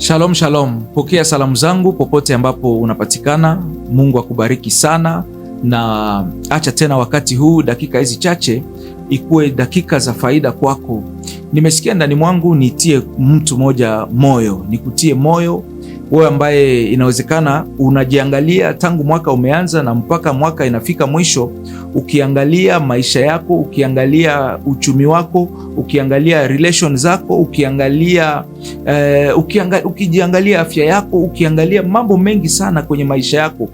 Shalom shalom, pokea salamu zangu popote ambapo unapatikana. Mungu akubariki sana, na acha tena wakati huu, dakika hizi chache, ikuwe dakika za faida kwako. Nimesikia ndani mwangu nitie mtu moja moyo, nikutie moyo wewe ambaye inawezekana unajiangalia tangu mwaka umeanza na mpaka mwaka inafika mwisho, ukiangalia maisha yako, ukiangalia uchumi wako, ukiangalia relation zako, ukiangalia uh, ukianga, ukijiangalia afya yako, ukiangalia mambo mengi sana kwenye maisha yako,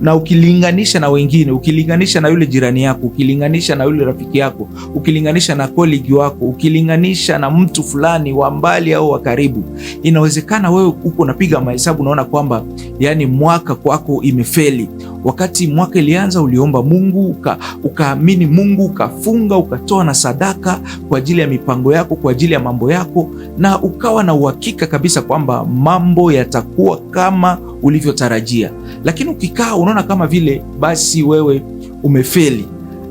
na ukilinganisha na wengine, ukilinganisha na yule jirani yako, ukilinganisha na yule rafiki yako, ukilinganisha na colleague wako, ukilinganisha na mtu fulani wa mbali au wa karibu, inawezekana wewe uko unapiga hesabu unaona kwamba yani mwaka kwako imefeli. Wakati mwaka ilianza, uliomba Mungu uka, ukaamini Mungu ukafunga ukatoa na sadaka kwa ajili ya mipango yako, kwa ajili ya mambo yako, na ukawa na uhakika kabisa kwamba mambo yatakuwa kama ulivyotarajia. Lakini ukikaa unaona kama vile basi wewe umefeli.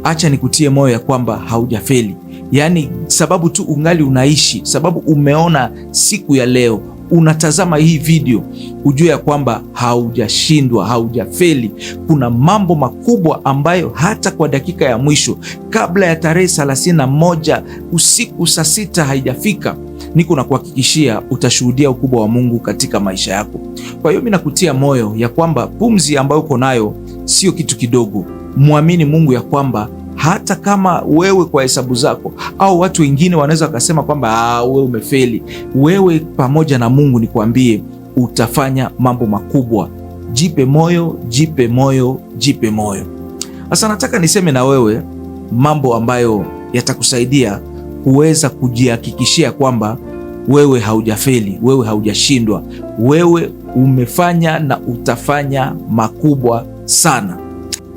Acha nikutie moyo ya kwamba haujafeli. Yaani, sababu tu ungali unaishi, sababu umeona siku ya leo, unatazama hii video ujue ya kwamba haujashindwa, haujafeli. Kuna mambo makubwa ambayo hata kwa dakika ya mwisho kabla ya tarehe 31 usiku saa sita haijafika, niko na kuhakikishia utashuhudia ukubwa wa Mungu katika maisha yako. Kwa hiyo mi nakutia moyo ya kwamba pumzi ambayo uko nayo sio kitu kidogo. Mwamini Mungu ya kwamba hata kama wewe kwa hesabu zako au watu wengine wanaweza wakasema kwamba ah, wewe umefeli, wewe pamoja na Mungu, nikwambie utafanya mambo makubwa. Jipe moyo, jipe moyo, jipe moyo. Sasa nataka niseme na wewe mambo ambayo yatakusaidia kuweza kujihakikishia kwamba wewe haujafeli, wewe haujashindwa, wewe umefanya na utafanya makubwa sana.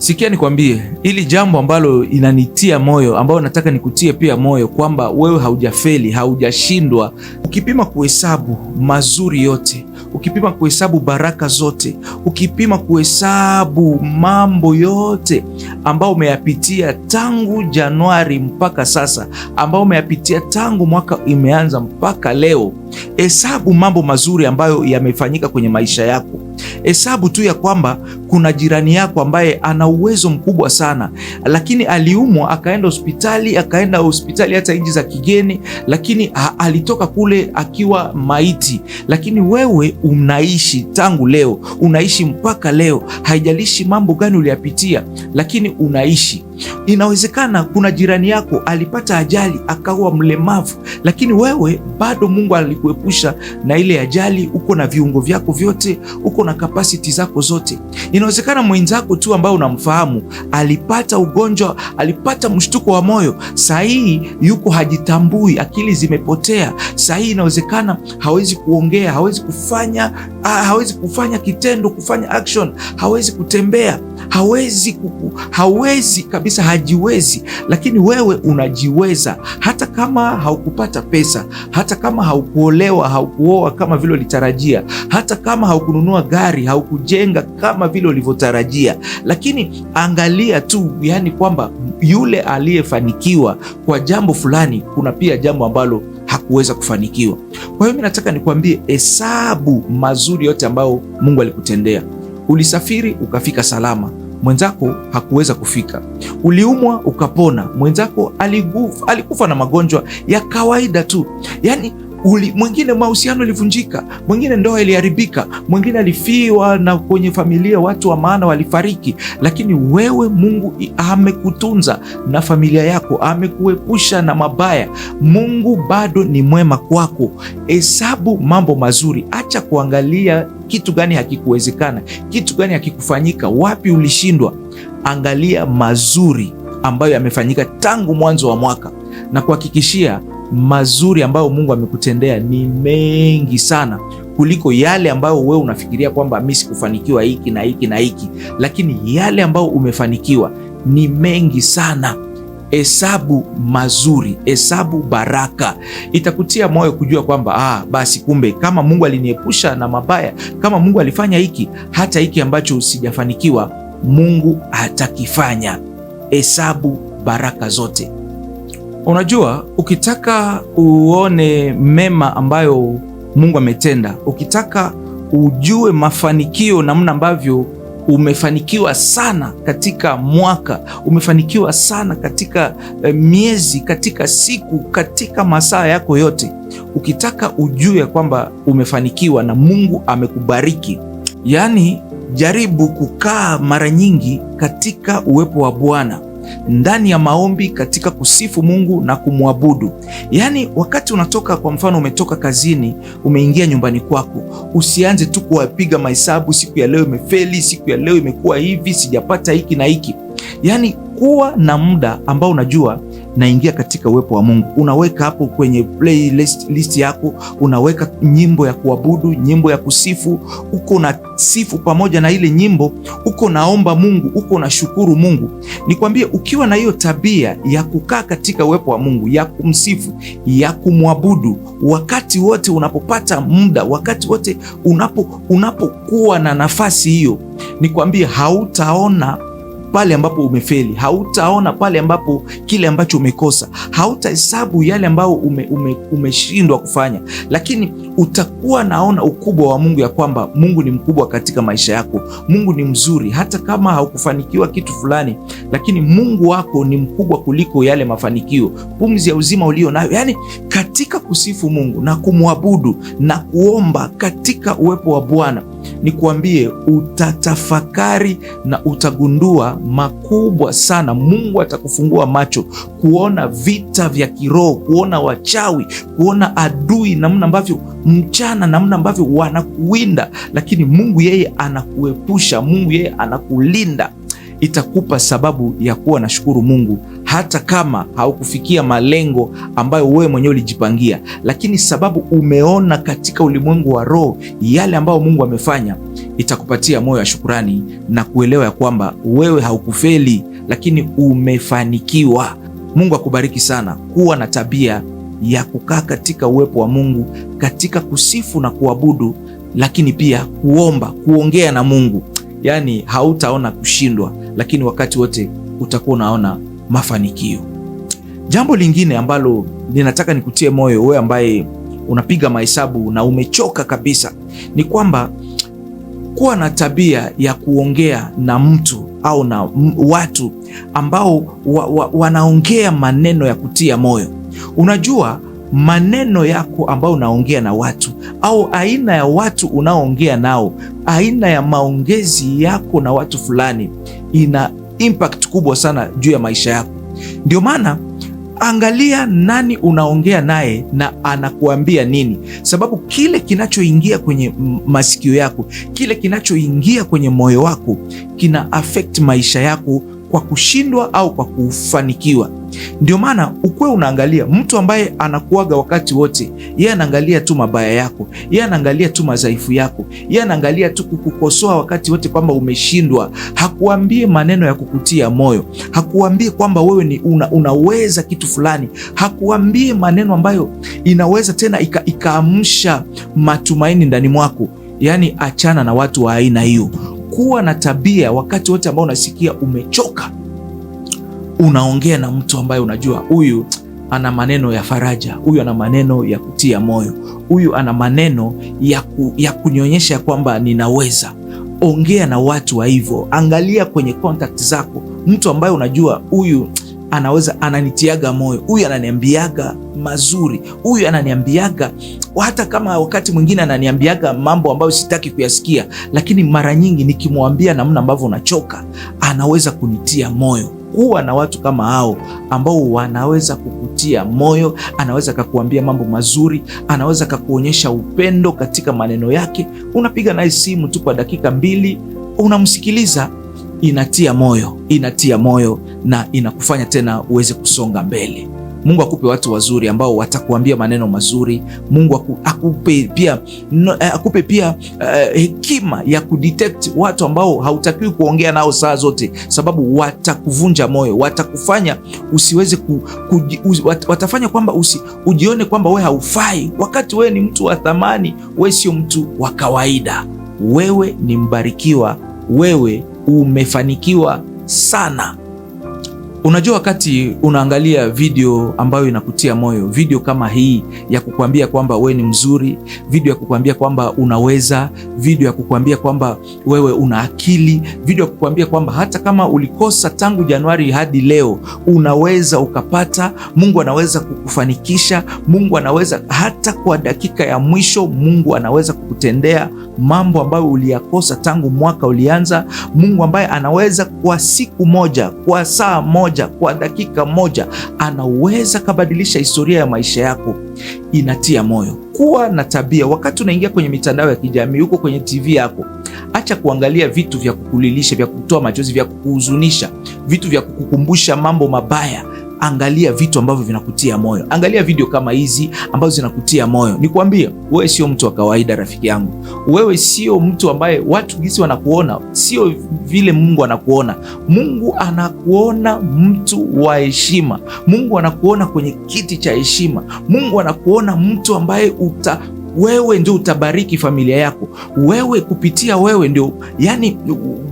Sikia nikwambie, ili jambo ambalo inanitia moyo, ambayo nataka nikutie pia moyo kwamba wewe haujafeli, haujashindwa. Ukipima kuhesabu mazuri yote, ukipima kuhesabu baraka zote, ukipima kuhesabu mambo yote ambayo umeyapitia tangu Januari mpaka sasa, ambayo umeyapitia tangu mwaka imeanza mpaka leo, hesabu mambo mazuri ambayo yamefanyika kwenye maisha yako Hesabu tu ya kwamba kuna jirani yako ambaye ana uwezo mkubwa sana, lakini aliumwa akaenda hospitali, akaenda hospitali hata nchi za kigeni, lakini alitoka kule akiwa maiti, lakini wewe unaishi tangu leo, unaishi mpaka leo, haijalishi mambo gani uliyapitia, lakini unaishi Inawezekana kuna jirani yako alipata ajali akawa mlemavu, lakini wewe bado Mungu alikuepusha na ile ajali. Uko na viungo vyako vyote, uko na kapasiti zako zote. Inawezekana mwenzako tu ambaye unamfahamu alipata ugonjwa, alipata mshtuko wa moyo, sahihi yuko hajitambui, akili zimepotea. sahihi inawezekana hawezi kuongea, hawezi kufanya hawezi kufanya kitendo, kufanya action, hawezi kutembea, hawezi kuku, hawezi kabisa, hajiwezi. Lakini wewe unajiweza, hata kama haukupata pesa, hata kama haukuolewa, haukuoa kama vile ulitarajia, hata kama haukununua gari, haukujenga kama vile ulivyotarajia, lakini angalia tu, yani kwamba yule aliyefanikiwa kwa jambo fulani, kuna pia jambo ambalo kuweza kufanikiwa. Kwa hiyo mi nataka nikuambie, hesabu mazuri yote ambayo Mungu alikutendea. Ulisafiri ukafika salama, mwenzako hakuweza kufika. Uliumwa ukapona, mwenzako alikufa na magonjwa ya kawaida tu, yani uli, mwingine mahusiano ilivunjika, mwingine ndoa iliharibika, mwingine alifiwa na kwenye familia watu wa maana walifariki, lakini wewe Mungu amekutunza na familia yako, amekuepusha na mabaya. Mungu bado ni mwema kwako. Hesabu mambo mazuri, acha kuangalia kitu gani hakikuwezekana, kitu gani hakikufanyika, wapi ulishindwa. Angalia mazuri ambayo yamefanyika tangu mwanzo wa mwaka na kuhakikishia mazuri ambayo Mungu amekutendea ni mengi sana kuliko yale ambayo wewe unafikiria kwamba mi sikufanikiwa hiki na hiki na hiki, lakini yale ambayo umefanikiwa ni mengi sana. Hesabu mazuri, hesabu baraka. Itakutia moyo kujua kwamba ah, basi kumbe kama Mungu aliniepusha na mabaya, kama Mungu alifanya hiki, hata hiki ambacho sijafanikiwa Mungu atakifanya. Hesabu baraka zote. Unajua, ukitaka uone mema ambayo Mungu ametenda, ukitaka ujue mafanikio, namna ambavyo umefanikiwa sana katika mwaka, umefanikiwa sana katika eh, miezi, katika siku, katika masaa yako yote, ukitaka ujue kwamba umefanikiwa na Mungu amekubariki, yaani jaribu kukaa mara nyingi katika uwepo wa Bwana ndani ya maombi, katika kusifu Mungu na kumwabudu. Yaani, wakati unatoka, kwa mfano, umetoka kazini, umeingia nyumbani kwako, usianze tu kuwapiga mahesabu, siku ya leo imefeli, siku ya leo imekuwa hivi, sijapata hiki na hiki. Yaani, kuwa na muda ambao unajua naingia katika uwepo wa Mungu. Unaweka hapo kwenye playlist list yako, unaweka nyimbo ya kuabudu, nyimbo ya kusifu, uko na sifu pamoja na ile nyimbo, uko naomba Mungu, uko na shukuru Mungu. Nikwambie, ukiwa na hiyo tabia ya kukaa katika uwepo wa Mungu, ya kumsifu, ya kumwabudu wakati wote unapopata muda, wakati wote unapo unapokuwa na nafasi hiyo, nikwambie hautaona pale ambapo umefeli, hautaona pale ambapo kile ambacho umekosa, hautahesabu yale ambayo umeshindwa ume, ume kufanya, lakini utakuwa naona ukubwa wa Mungu ya kwamba Mungu ni mkubwa katika maisha yako. Mungu ni mzuri, hata kama haukufanikiwa kitu fulani, lakini Mungu wako ni mkubwa kuliko yale mafanikio, pumzi ya uzima ulio nayo. Yani, katika kusifu Mungu na kumwabudu na kuomba katika uwepo wa Bwana, nikuambie utatafakari na utagundua makubwa sana. Mungu atakufungua macho kuona vita vya kiroho, kuona wachawi, kuona adui, namna ambavyo mchana, namna ambavyo wanakuwinda, lakini Mungu yeye anakuepusha, Mungu yeye anakulinda, itakupa sababu ya kuwa na shukuru Mungu hata kama haukufikia malengo ambayo wewe mwenyewe ulijipangia, lakini sababu umeona katika ulimwengu wa roho yale ambayo Mungu amefanya, itakupatia moyo wa shukurani na kuelewa ya kwamba wewe haukufeli, lakini umefanikiwa. Mungu akubariki sana. Kuwa na tabia ya kukaa katika uwepo wa Mungu, katika kusifu na kuabudu, lakini pia kuomba, kuongea na Mungu. Yaani hautaona kushindwa, lakini wakati wote utakuwa unaona mafanikio. Jambo lingine ambalo ninataka nikutie moyo wewe ambaye unapiga mahesabu na umechoka kabisa, ni kwamba kuwa na tabia ya kuongea na mtu au na watu ambao wa, wa, wanaongea maneno ya kutia moyo. Unajua maneno yako ambayo unaongea na watu au aina ya watu unaoongea nao, aina ya maongezi yako na watu fulani, ina impact kubwa sana juu ya maisha yako. Ndio maana angalia nani unaongea naye na anakuambia nini, sababu kile kinachoingia kwenye masikio yako, kile kinachoingia kwenye moyo wako kina affect maisha yako kwa kushindwa au kwa kufanikiwa. Ndio maana ukuwe unaangalia mtu ambaye anakuaga wakati wote, yeye anaangalia tu mabaya yako, yeye anaangalia tu madhaifu yako, yeye anaangalia tu kukukosoa wakati wote kwamba umeshindwa. Hakuambie maneno ya kukutia moyo, hakuambie kwamba wewe ni una, unaweza kitu fulani, hakuambie maneno ambayo inaweza tena ikaamsha matumaini ndani mwako. Yaani, achana na watu wa aina hiyo. Kuwa na tabia wakati wote ambao unasikia umechoka unaongea na mtu ambaye unajua huyu ana maneno ya faraja, huyu ana maneno ya kutia moyo, huyu ana maneno ya, ku, ya kunyonyesha kwamba ninaweza. Ongea na watu wa hivyo, angalia kwenye contact zako mtu ambaye unajua huyu anaweza ananitiaga moyo, huyu ananiambiaga mazuri, huyu ananiambiaga hata kama wakati mwingine ananiambiaga mambo ambayo sitaki kuyasikia, lakini mara nyingi nikimwambia namna ambavyo unachoka, anaweza kunitia moyo kuwa na watu kama hao ambao wanaweza kukutia moyo, anaweza kakuambia mambo mazuri, anaweza kakuonyesha upendo katika maneno yake. Unapiga naye simu tu kwa dakika mbili, unamsikiliza, inatia moyo, inatia moyo na inakufanya tena uweze kusonga mbele. Mungu akupe watu wazuri ambao watakuambia maneno mazuri. Mungu akupe pia, no, eh, akupe pia uh, hekima ya kudetect watu ambao hautakiwi kuongea nao saa zote, sababu watakuvunja moyo, watakufanya usiweze ku, ku, u, wat, watafanya kwamba usi, ujione kwamba we haufai, wakati wewe ni mtu wa thamani, we sio mtu wa kawaida. Wewe ni mbarikiwa, wewe umefanikiwa sana. Unajua, wakati unaangalia video ambayo inakutia moyo, video kama hii ya kukuambia kwamba wewe ni mzuri, video ya kukuambia kwamba unaweza, video ya kukuambia kwamba wewe una akili, video ya kukuambia kwamba hata kama ulikosa tangu Januari hadi leo, unaweza ukapata. Mungu anaweza kukufanikisha, Mungu anaweza hata kwa dakika ya mwisho, Mungu anaweza kukutendea mambo ambayo uliyakosa tangu mwaka ulianza. Mungu ambaye anaweza kwa siku moja, kwa saa moja moja, kwa dakika moja, anaweza kabadilisha historia ya maisha yako. Inatia moyo. Kuwa na tabia, wakati unaingia kwenye mitandao ya kijamii, huko kwenye TV yako, acha kuangalia vitu vya kukulilisha, vya kutoa machozi, vya kukuhuzunisha, vitu vya kukukumbusha mambo mabaya angalia vitu ambavyo vinakutia moyo, angalia video kama hizi ambazo zinakutia moyo. Nikwambie, wewe sio mtu wa kawaida, rafiki yangu. Wewe sio mtu ambaye watu gisi wanakuona, sio vile Mungu anakuona. Mungu anakuona mtu wa heshima, Mungu anakuona kwenye kiti cha heshima, Mungu anakuona mtu ambaye uta wewe ndio utabariki familia yako, wewe kupitia wewe ndio, yani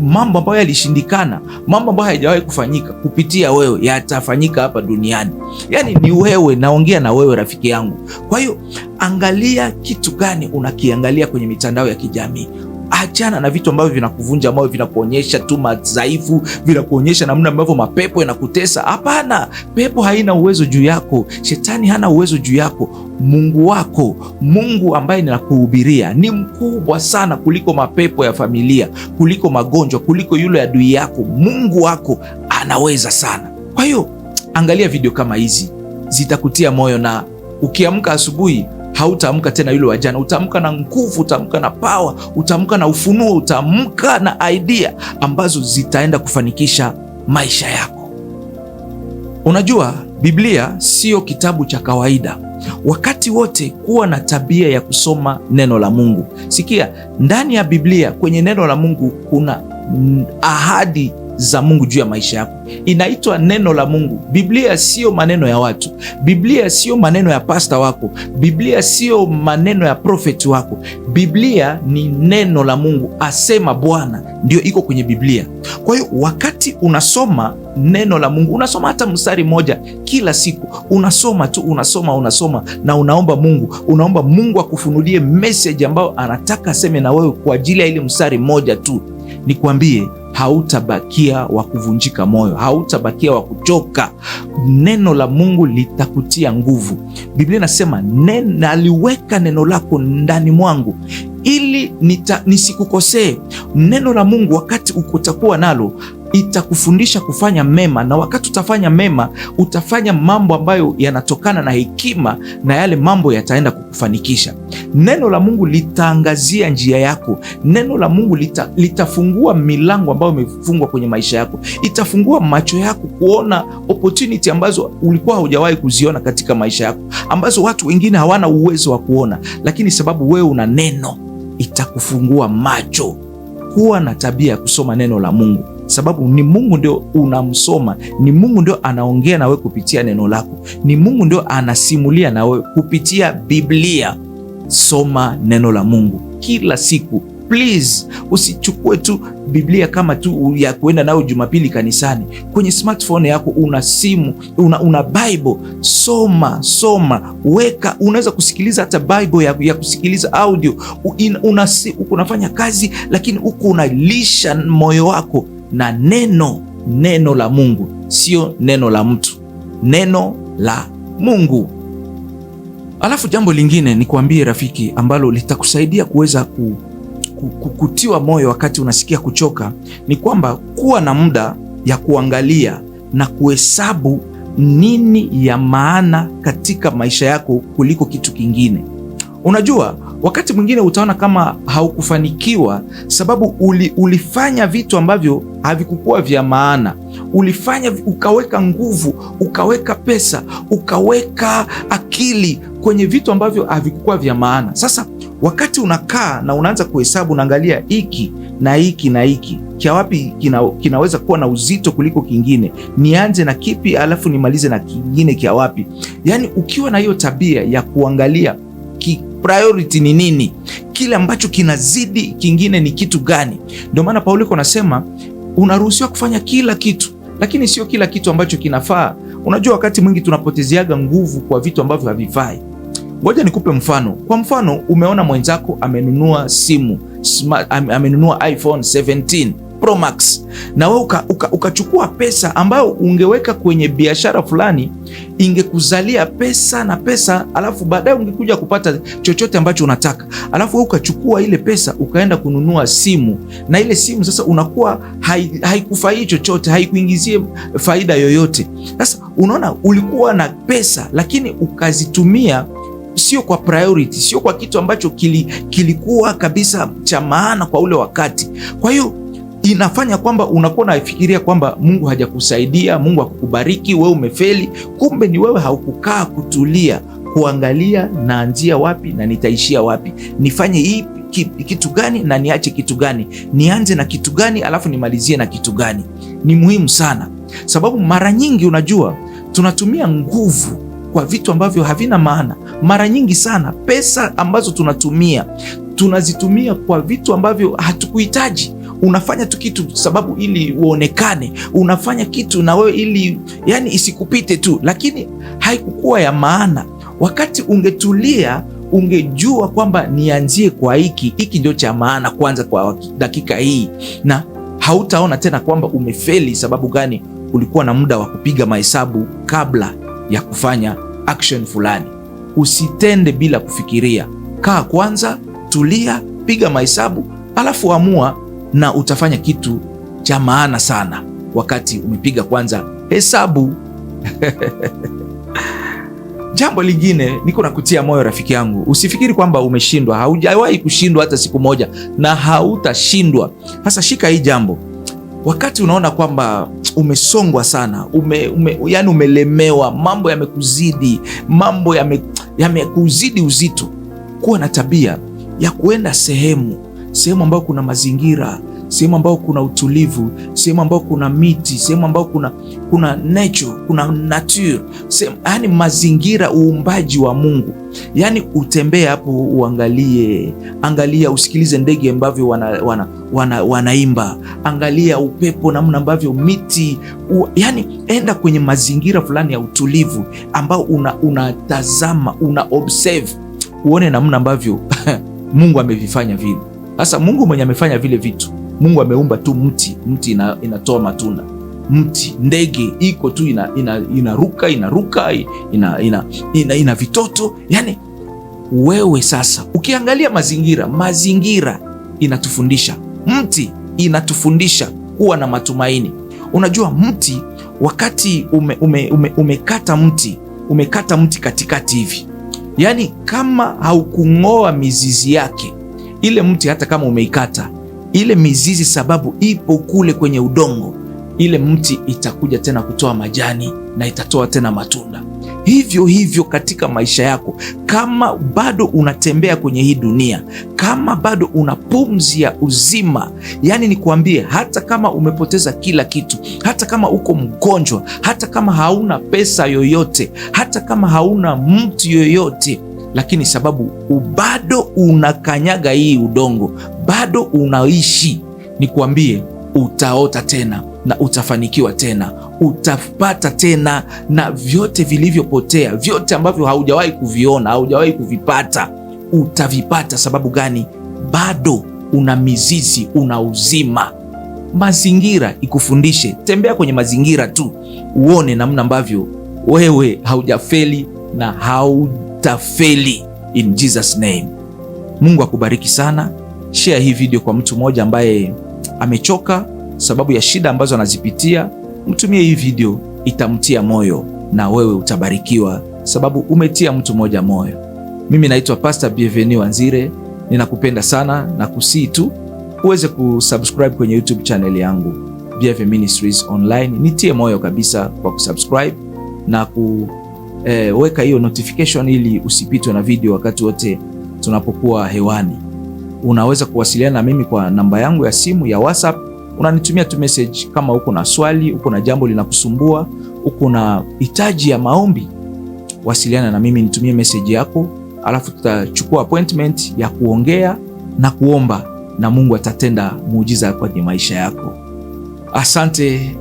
mambo ambayo yalishindikana, mambo ambayo hayajawahi kufanyika, kupitia wewe yatafanyika hapa duniani. Yani ni wewe, naongea na wewe rafiki yangu. Kwa hiyo angalia kitu gani unakiangalia kwenye mitandao ya kijamii. Achana na vitu ambavyo vinakuvunja, moyo, vinakuonyesha tu madhaifu, vinakuonyesha namna ambavyo mapepo yanakutesa. Hapana, pepo haina uwezo juu yako, shetani hana uwezo juu yako. Mungu wako, Mungu ambaye ninakuhubiria ni mkubwa sana kuliko mapepo ya familia, kuliko magonjwa, kuliko yule adui yako. Mungu wako anaweza sana. Kwa hiyo angalia video kama hizi, zitakutia moyo na ukiamka asubuhi hautamka tena yule wa jana, utamka na nguvu, utamka na pawa, utamka na ufunuo, utamka na idea ambazo zitaenda kufanikisha maisha yako. Unajua, Biblia siyo kitabu cha kawaida. Wakati wote kuwa na tabia ya kusoma neno la Mungu. Sikia, ndani ya Biblia, kwenye neno la Mungu kuna ahadi za Mungu juu ya maisha yako. Inaitwa neno la Mungu. Biblia siyo maneno ya watu. Biblia siyo maneno ya pasta wako. Biblia siyo maneno ya profeti wako. Biblia ni neno la Mungu, asema Bwana, ndio iko kwenye Biblia. Kwa hiyo wakati unasoma neno la Mungu, unasoma hata mstari mmoja kila siku, unasoma tu, unasoma, unasoma na unaomba Mungu, unaomba Mungu akufunulie meseji ambayo anataka aseme na wewe kwa ajili ya ile mstari mmoja tu. Nikwambie, hautabakia wa kuvunjika moyo, hautabakia wa kuchoka. Neno la Mungu litakutia nguvu. Biblia inasema naliweka neno lako ndani mwangu ili nisikukosee. Neno la Mungu wakati utakuwa nalo itakufundisha kufanya mema, na wakati utafanya mema utafanya mambo ambayo yanatokana na hekima, na yale mambo yataenda kukufanikisha. Neno la Mungu litaangazia njia yako. Neno la Mungu lita, litafungua milango ambayo imefungwa kwenye maisha yako, itafungua macho yako kuona opportunity ambazo ulikuwa haujawahi kuziona katika maisha yako, ambazo watu wengine hawana uwezo wa kuona, lakini sababu wewe una neno, itakufungua macho. Kuwa na tabia ya kusoma neno la Mungu sababu ni Mungu ndio unamsoma, ni Mungu ndio anaongea nawe kupitia neno lako, ni Mungu ndio anasimulia nawe kupitia Biblia. Soma neno la Mungu kila siku. Please, usichukue tu Biblia kama tu ya kuenda nayo Jumapili kanisani. Kwenye smartphone yako una simu, una, una Bible. Soma, soma, weka. Unaweza kusikiliza hata Bible ya, ya kusikiliza audio. Unafanya kazi, lakini huku unalisha moyo wako na neno, neno la Mungu, sio neno la mtu, neno la Mungu. Alafu jambo lingine kuambie rafiki, ambalo litakusaidia kuweza ku, ku, ku, kutiwa moyo wakati unasikia kuchoka, ni kwamba kuwa na muda ya kuangalia na kuhesabu nini ya maana katika maisha yako kuliko kitu kingine. Unajua Wakati mwingine utaona kama haukufanikiwa sababu uli, ulifanya vitu ambavyo havikukuwa vya maana. Ulifanya ukaweka nguvu, ukaweka pesa, ukaweka akili kwenye vitu ambavyo havikukuwa vya maana. Sasa wakati unakaa na unaanza kuhesabu, unaangalia hiki na hiki na hiki kyawapi wapi kina, kinaweza kuwa na uzito kuliko kingine, nianze na kipi alafu nimalize na kingine cha wapi? Yaani ukiwa na hiyo tabia ya kuangalia priority ni nini, kile ambacho kinazidi kingine ni kitu gani? Ndio maana Pauliko anasema unaruhusiwa kufanya kila kitu, lakini sio kila kitu ambacho kinafaa. Unajua, wakati mwingi tunapotezeaga nguvu kwa vitu ambavyo havifai. Ngoja nikupe mfano. Kwa mfano, umeona mwenzako amenunua simu smart, amenunua iPhone Promax na wewe ukachukua uka, uka pesa ambayo ungeweka kwenye biashara fulani, ingekuzalia pesa na pesa, alafu baadaye ungekuja kupata chochote ambacho unataka, alafu wewe ukachukua ile pesa ukaenda kununua simu, na ile simu sasa unakuwa haikufaii hai chochote, haikuingizie faida yoyote. Sasa unaona, ulikuwa na pesa lakini ukazitumia sio kwa priority, sio kwa kitu ambacho kili, kilikuwa kabisa cha maana kwa ule wakati. Kwa hiyo inafanya kwamba unakuwa nafikiria kwamba Mungu hajakusaidia, Mungu hakukubariki, wewe umefeli. Kumbe ni wewe haukukaa kutulia, kuangalia naanzia wapi na nitaishia wapi, nifanye ki, kitu gani na niache kitu gani, nianze na kitu gani alafu nimalizie na kitu gani. Ni muhimu sana, sababu mara nyingi unajua tunatumia nguvu kwa vitu ambavyo havina maana. Mara nyingi sana pesa ambazo tunatumia tunazitumia kwa vitu ambavyo hatukuhitaji unafanya tu kitu sababu ili uonekane, unafanya kitu na wewe ili yani isikupite tu, lakini haikukuwa ya maana. Wakati ungetulia ungejua kwamba nianzie kwa hiki hiki ndio cha maana kwanza kwa dakika hii, na hautaona tena kwamba umefeli. Sababu gani? Ulikuwa na muda wa kupiga mahesabu kabla ya kufanya action fulani. Usitende bila kufikiria, kaa kwanza, tulia, piga mahesabu, alafu amua na utafanya kitu cha maana sana wakati umepiga kwanza hesabu. Jambo lingine niko nakutia moyo rafiki yangu, usifikiri kwamba umeshindwa. Haujawahi kushindwa hata siku moja, na hautashindwa. Sasa shika hii jambo, wakati unaona kwamba umesongwa sana ume, ume, yani umelemewa, mambo yamekuzidi, mambo yamekuzidi yame uzito, kuwa na tabia ya kuenda sehemu sehemu ambayo kuna mazingira, sehemu ambayo kuna utulivu, sehemu ambayo kuna miti, sehemu ambayo kuna kuna nature, kuna nature, yaani mazingira, uumbaji wa Mungu. Yaani utembee hapo, uangalie, angalia, usikilize ndege ambavyo wanaimba, wana, wana, wana angalia upepo, namna ambavyo miti u, yani enda kwenye mazingira fulani ya utulivu ambao unatazama, una, una observe, uone namna ambavyo Mungu amevifanya vile. Sasa Mungu mwenye amefanya vile vitu, Mungu ameumba tu mti, mti ina, inatoa matunda, mti ndege iko tu inaruka ina, inaruka ina, ina, ina, ina vitoto yani wewe sasa ukiangalia mazingira, mazingira inatufundisha, mti inatufundisha kuwa na matumaini. Unajua mti wakati ume, ume, ume, umekata mti umekata mti katikati hivi, yaani kama haukung'oa mizizi yake ile mti hata kama umeikata ile mizizi, sababu ipo kule kwenye udongo, ile mti itakuja tena kutoa majani na itatoa tena matunda. Hivyo hivyo katika maisha yako, kama bado unatembea kwenye hii dunia, kama bado una pumzi ya uzima, yani nikuambie, hata kama umepoteza kila kitu, hata kama uko mgonjwa, hata kama hauna pesa yoyote, hata kama hauna mtu yoyote lakini sababu bado unakanyaga hii udongo, bado unaishi, nikuambie, utaota tena na utafanikiwa tena, utapata tena, na vyote vilivyopotea, vyote ambavyo haujawahi kuviona, haujawahi kuvipata, utavipata. Sababu gani? Bado una mizizi, una uzima. Mazingira ikufundishe, tembea kwenye mazingira tu uone namna ambavyo wewe haujafeli na hautafeli in Jesus name. Mungu akubariki sana. Share hii video kwa mtu mmoja ambaye amechoka sababu ya shida ambazo anazipitia. Mtumie hii video, itamtia moyo na wewe utabarikiwa, sababu umetia mtu mmoja moyo. Mimi naitwa Pastor Bienvenu Wanzire, ninakupenda sana na kusii tu uweze kusubscribe kwenye YouTube channel yangu Bienvenu Ministries Online. Nitie moyo kabisa kwa kusubscribe na ku eh, weka hiyo notification ili usipitwe na video wakati wote tunapokuwa hewani. Unaweza kuwasiliana na mimi kwa namba yangu ya simu ya WhatsApp, unanitumia tu message kama uko na swali, uko na jambo linakusumbua, uko na hitaji ya maombi, wasiliana na mimi, nitumie message yako, alafu tutachukua appointment ya kuongea na kuomba, na Mungu atatenda muujiza kwenye maisha yako. Asante.